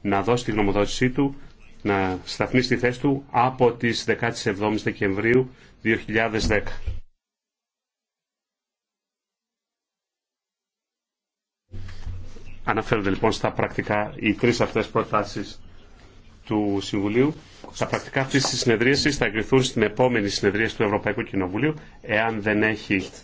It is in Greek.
να δώσει τη γνωμοδότησή του, να σταθμεί στη θέση του από τις 17 Δεκεμβρίου 2010. Αναφέρονται λοιπόν στα πρακτικά οι τρεις αυτές προτάσει του Συμβουλίου. Τα πρακτικά αυτής της συνεδρίασης θα εγκριθούν στην επόμενη συνεδρίαση του Ευρωπαϊκού Κοινοβουλίου, εάν δεν έχει